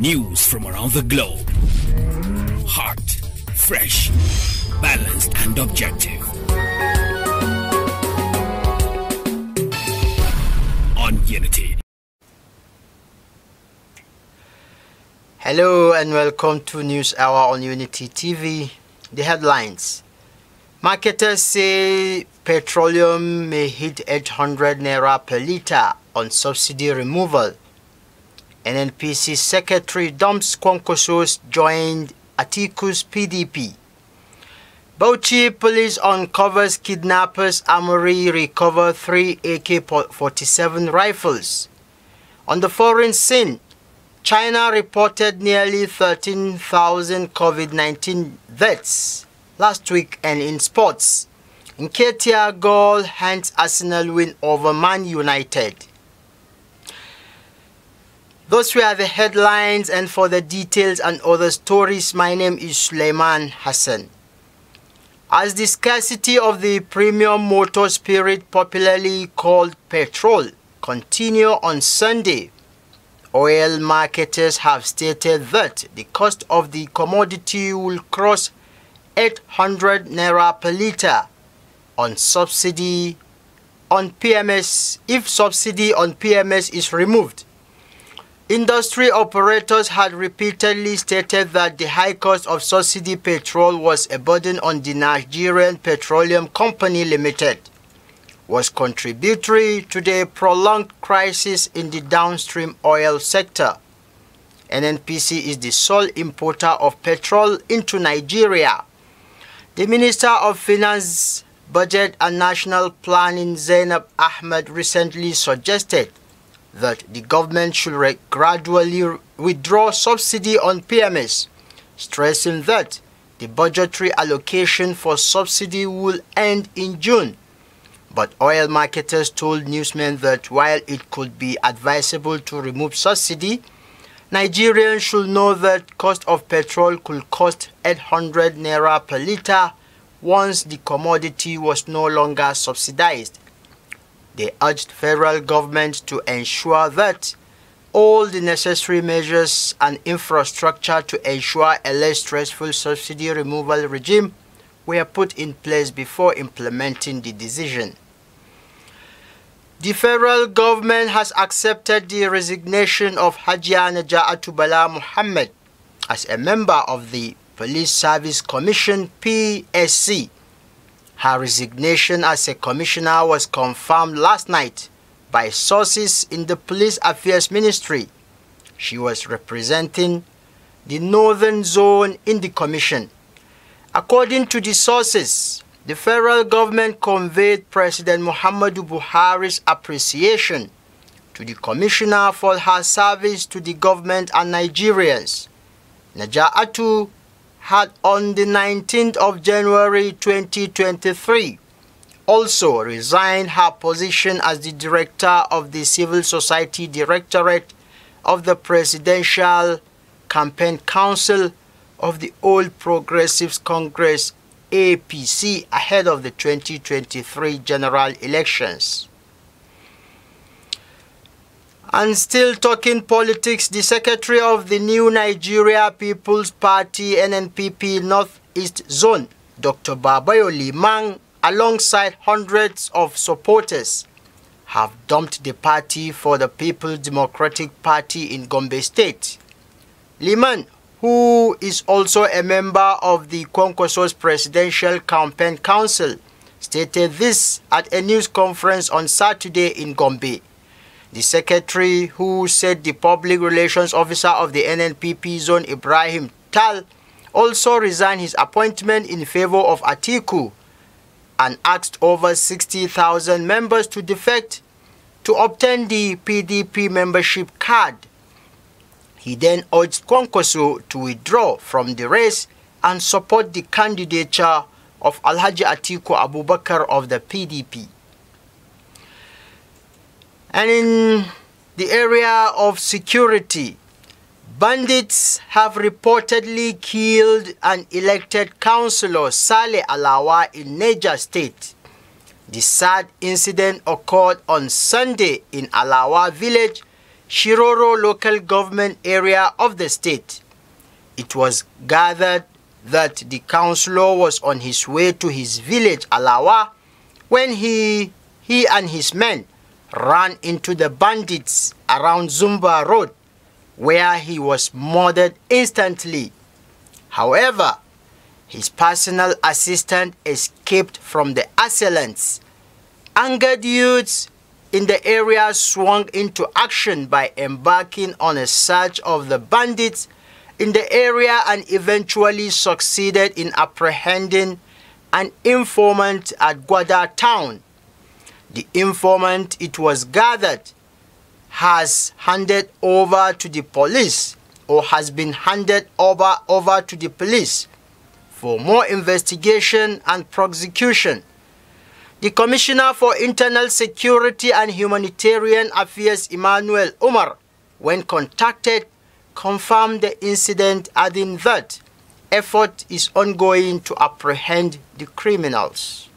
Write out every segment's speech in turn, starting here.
News from around the globe. Hot, fresh, balanced, and objective. On Unity. Hello and welcome to News Hour on Unity TV the headlines. Marketers say petroleum may hit 800 naira per litre on subsidy removal. NNPC Secretary dumps Kwankosos joined Atiku's PDP. Bauchi police uncovers kidnappers' armory recover three AK-47 rifles. On the foreign scene, China reported nearly 13,000 COVID-19 deaths last week and in sports. Nketiah goal hands Arsenal win over Man United. Those were the headlines and for the details and other stories, my name is Suleiman Hassan. As the scarcity of the premium motor spirit popularly called petrol continue on Sunday, Oil marketers have stated that the cost of the commodity will cross 800 naira per litre on subsidy on PMS if subsidy on PMS is removed. Industry operators had repeatedly stated that the high cost of subsidy petrol was a burden on the Nigerian Petroleum Company Limited was contributory to the prolonged crisis in the downstream oil sector. NNPC is the sole importer of petrol into Nigeria. The Minister of Finance, Budget and National Planning Zainab Ahmed recently suggested that the government should gradually withdraw subsidy on PMS, stressing that the budgetary allocation for subsidy will end in June but oil marketers told newsmen that while it could be advisable to remove subsidy, Nigerians should know that cost of petrol could cost 800 naira per litre once the commodity was no longer subsidized. They urged federal government to ensure that all the necessary measures and infrastructure to ensure a less stressful subsidy removal regime were put in place before implementing the decision. The federal government has accepted the resignation of Hajiana Atubala Muhammad as a member of the Police Service Commission PSC. Her resignation as a commissioner was confirmed last night by sources in the Police Affairs Ministry. She was representing the Northern Zone in the Commission. According to the sources, the federal government conveyed President Muhammadu Buhari's appreciation to the commissioner for her service to the government and Nigerians. Naja'atu had on the 19th of January 2023 also resigned her position as the director of the Civil Society Directorate of the Presidential Campaign Council of the Old Progressives Congress APC ahead of the 2023 general elections. And still talking politics, the secretary of the new Nigeria People's Party NNPP Northeast Zone, Dr. Babayo Liman, alongside hundreds of supporters, have dumped the party for the People's Democratic Party in Gombe State. Liman, who is also a member of the Concourse's Presidential Campaign Council, stated this at a news conference on Saturday in Gombe. The secretary, who said the public relations officer of the NNPP zone, Ibrahim Tal, also resigned his appointment in favor of Atiku and asked over 60,000 members to defect to obtain the PDP membership card. He then urged Kwankoso to withdraw from the race and support the candidature of Alhaji Atiku Abubakar of the PDP. And in the area of security, bandits have reportedly killed an elected councillor, Saleh Alawa, in Niger State. The sad incident occurred on Sunday in Alawa village Shiroro local government area of the state. It was gathered that the councillor was on his way to his village Alawa when he, he and his men ran into the bandits around Zumba Road where he was murdered instantly. However, his personal assistant escaped from the assailants. Angered youths in the area swung into action by embarking on a search of the bandits in the area and eventually succeeded in apprehending an informant at Guada town. The informant, it was gathered, has handed over to the police or has been handed over, over to the police for more investigation and prosecution. The Commissioner for Internal Security and Humanitarian Affairs, Emmanuel Umar, when contacted, confirmed the incident, adding that effort is ongoing to apprehend the criminals.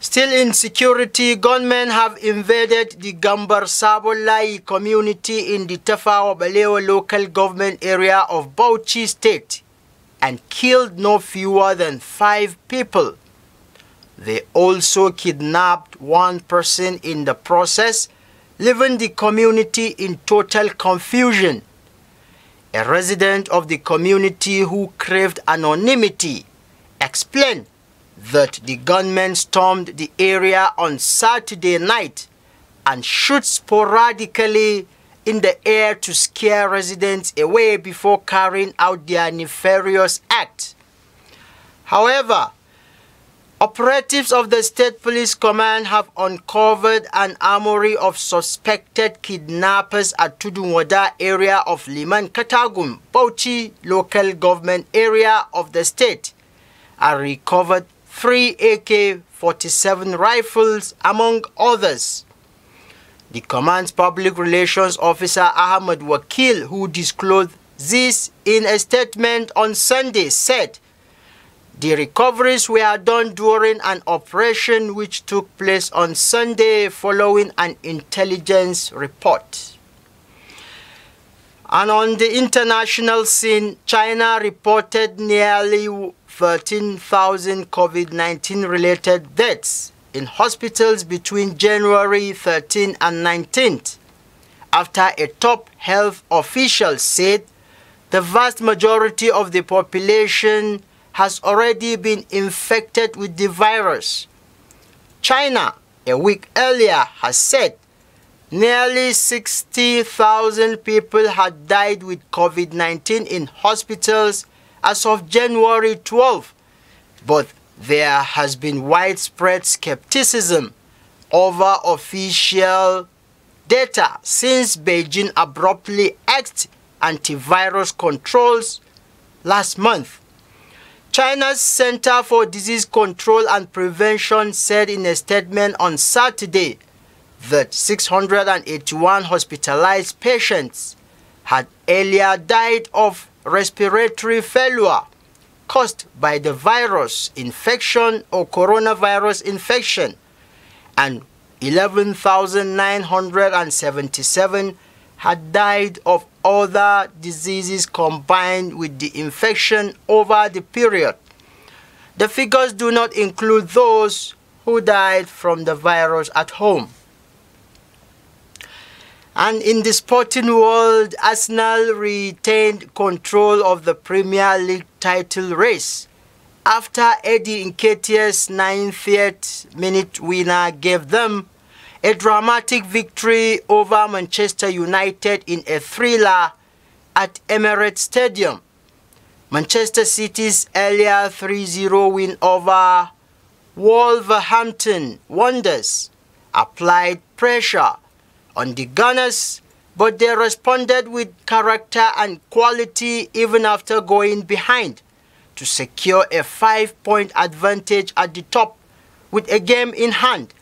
Still in security, gunmen have invaded the Gambar Sabolai community in the Tafao Baleo local government area of Bauchi State and killed no fewer than five people. They also kidnapped one person in the process, leaving the community in total confusion. A resident of the community who craved anonymity explained that the gunmen stormed the area on Saturday night and shoot sporadically in the air to scare residents away before carrying out their nefarious act. However, operatives of the State Police Command have uncovered an armory of suspected kidnappers at Tudunwada area of Liman Katagum, Bauchi local government area of the state, and recovered three AK-47 rifles among others. The command's public relations officer Ahmad Wakil, who disclosed this in a statement on Sunday, said the recoveries were done during an operation which took place on Sunday following an intelligence report. And on the international scene, China reported nearly 13,000 COVID-19 related deaths in hospitals between January 13 and 19th after a top health official said the vast majority of the population has already been infected with the virus. China, a week earlier, has said nearly 60,000 people had died with COVID 19 in hospitals as of January 12. Both there has been widespread skepticism over official data since Beijing abruptly axed antivirus controls last month. China's Center for Disease Control and Prevention said in a statement on Saturday that 681 hospitalized patients had earlier died of respiratory failure caused by the virus infection or coronavirus infection and 11,977 had died of other diseases combined with the infection over the period. The figures do not include those who died from the virus at home. And in the sporting world, Arsenal retained control of the Premier League title race after Eddie Nketiah's 90th minute winner gave them a dramatic victory over Manchester United in a thriller at Emirates Stadium. Manchester City's earlier 3-0 win over Wolverhampton Wanderers applied pressure on the Gunners, but they responded with character and quality even after going behind to secure a five-point advantage at the top with a game in hand.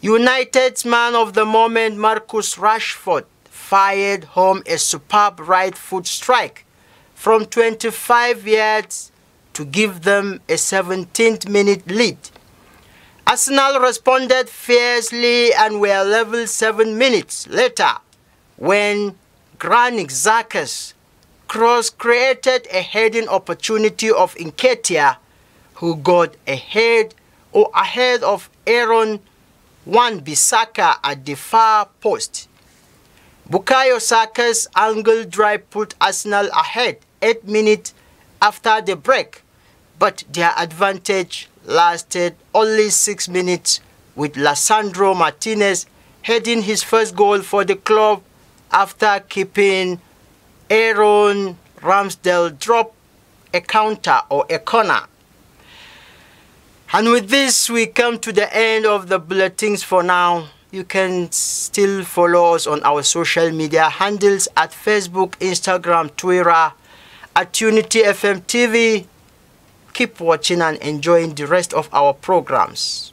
United's man of the moment, Marcus Rashford, fired home a superb right foot strike from 25 yards to give them a 17th minute lead. Arsenal responded fiercely and were level seven minutes later when Gran Xhaka's cross created a heading opportunity of Inketia who got ahead or ahead of Aaron Wan-Bissaka at the far post. Bukayo Saka's angle drive put Arsenal ahead 8 minutes after the break, but their advantage lasted only six minutes with Lissandro Martinez heading his first goal for the club after keeping Aaron Ramsdale drop a counter or a corner. And with this, we come to the end of the bulletins for now. You can still follow us on our social media handles at Facebook, Instagram, Twitter, at Unity FM TV, keep watching and enjoying the rest of our programs.